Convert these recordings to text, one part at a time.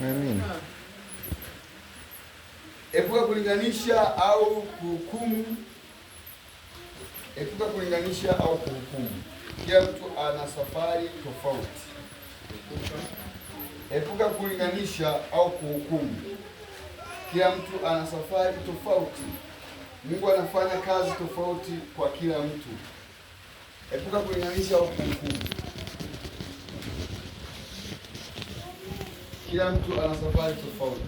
Amen. Epuka kulinganisha au kuhukumu. Epuka kulinganisha au kuhukumu. Kila mtu ana safari tofauti. Epuka kulinganisha au kuhukumu. Kila mtu ana safari tofauti. Mungu anafanya kazi tofauti kwa kila mtu. Epuka kulinganisha au kuhukumu. kila mtu ana safari tofauti,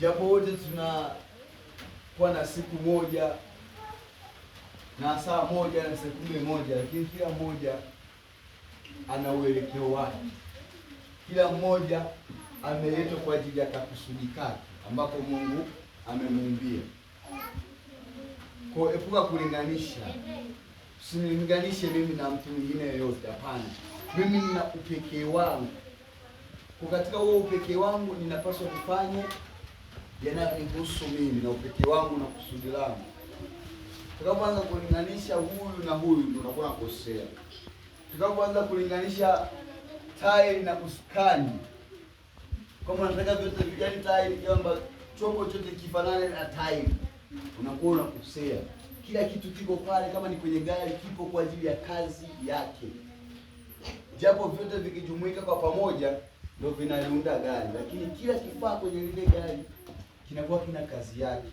japo wote tunakuwa na siku moja na saa moja na saa moja, lakini kila mmoja ana uelekeo wake. Kila mmoja ameletwa kwa ajili ya kakusudi kake ambapo Mungu amemuumbia. Kwa epuka kulinganisha, usinilinganishe mimi na mtu mwingine yoyote. Hapana, mimi nina upekee wangu. Kwa katika huo upekee wangu ninapaswa kufanya yanayonihusu mimi na upekee wangu na kusudi langu. Tutakapoanza kulinganisha huyu na huyu, ndio unakuwa unakosea. Tutakapoanza kulinganisha tile na usukani, kama unataka vyote vijani tile, kwamba chombo chote kifanane na tile, unakuwa unakosea. Kila kitu kiko pale, kama ni kwenye gari, kipo kwa ajili ya kazi yake, japo vyote vikijumuika kwa pamoja ndio vinaliunda gari, lakini kila kifaa kwenye lile gari kinakuwa kina kazi yake.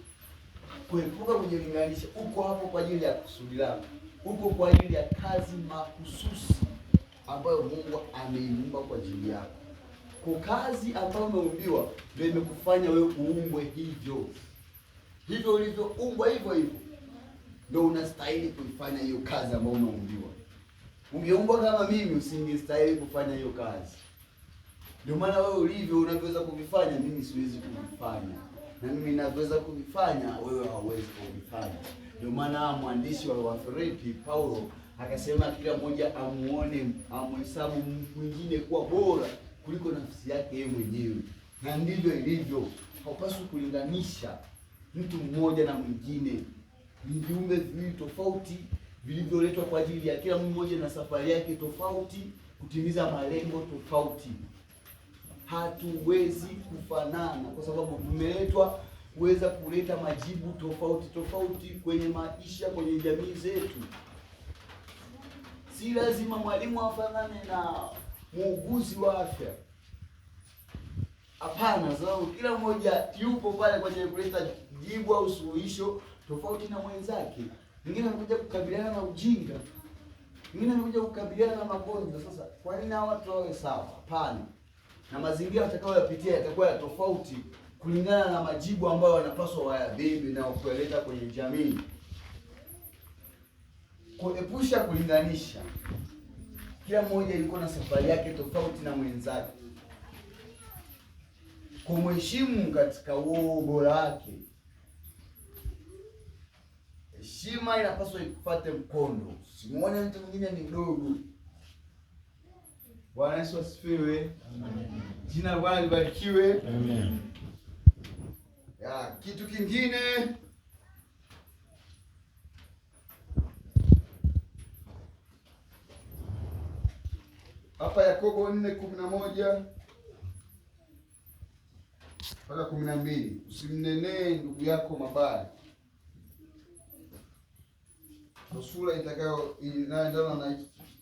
Kuepuka kujilinganisha, uko hapo kwa ajili ya kusudi langu, uko kwa ajili ya kazi mahususi ambayo Mungu ameiumba kwa ajili yako. Kwa kazi ambayo umeumbiwa ndio imekufanya wewe uumbwe hivyo hivyo, ulivyoumbwa hivyo hivyo ndio unastahili kuifanya hiyo kazi ambayo umeumbiwa. Ungeumbwa kama mimi, usingestahili kufanya hiyo kazi. Ndio maana wewe ulivyo, unavyoweza kuvifanya mimi siwezi kuvifanya, na mimi ninavyoweza kuvifanya wewe hauwezi kuvifanya. Ndio maana mwandishi wa Wafilipi Paulo akasema kila mmoja amuone, amhesabu mwingine kuwa bora kuliko nafsi yake yeye mwenyewe, na ndivyo ilivyo. Haupaswi kulinganisha mtu mmoja na mwingine. Ni viumbe viwili tofauti vilivyoletwa kwa ajili ya kila mmoja na safari yake tofauti, kutimiza malengo tofauti hatuwezi kufanana, kwa sababu tumeletwa kuweza kuleta majibu tofauti tofauti kwenye maisha, kwenye jamii zetu. Si lazima mwalimu afanane na muuguzi wa afya, hapana, sababu kila mmoja yupo pale kwa ajili kuleta jibu au suluhisho tofauti na mwenzake. Mwingine anakuja kukabiliana na ujinga, mwingine anakuja kukabiliana na magonjwa. Sasa kwa nini hawa watu wawe sawa? Hapana na mazingira atakayoyapitia yatakuwa ya tofauti kulingana na majibu ambayo wanapaswa wayabebe na kupeleka kwenye jamii. Kuepusha kulinganisha. Kila mmoja ilikuwa na safari yake tofauti na mwenzake. Kumheshimu katika uo ubora wake. Heshima inapaswa ikufate mkondo. Simuone mtu mwingine ni mdogo. Bwana Yesu asifiwe. Jina la Bwana libarikiwe. Amen. Ya, kitu kingine hapa Yakobo 4:11 mpaka 12, usimnenee ndugu yako mabaya. Sura itakayo inayoendana na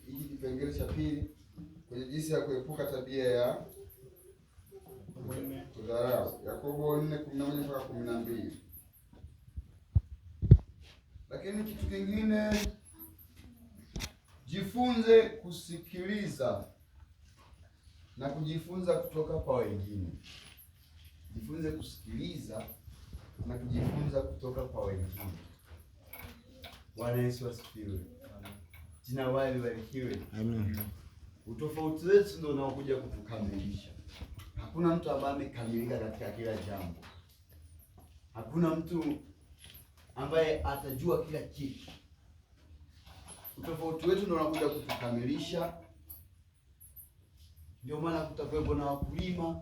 hiki kipengele cha pili kwenye jinsi ya kuepuka tabia ya kudharau. Yakobo 4:11 mpaka mbili Lakini kitu kingine, jifunze kusikiliza na kujifunza kutoka kwa wengine. Jifunze kusikiliza na kujifunza kutoka kwa wengine. Bwana Yesu asifiwe. Jina wali walikiwe. Amen. Utofauti wetu ndio unaokuja kutukamilisha. Hakuna mtu ambaye amekamilika katika kila jambo. Hakuna mtu ambaye atajua kila kitu. Utofauti wetu ndio unakuja kutukamilisha. Ndio maana kutakuwepo na wakulima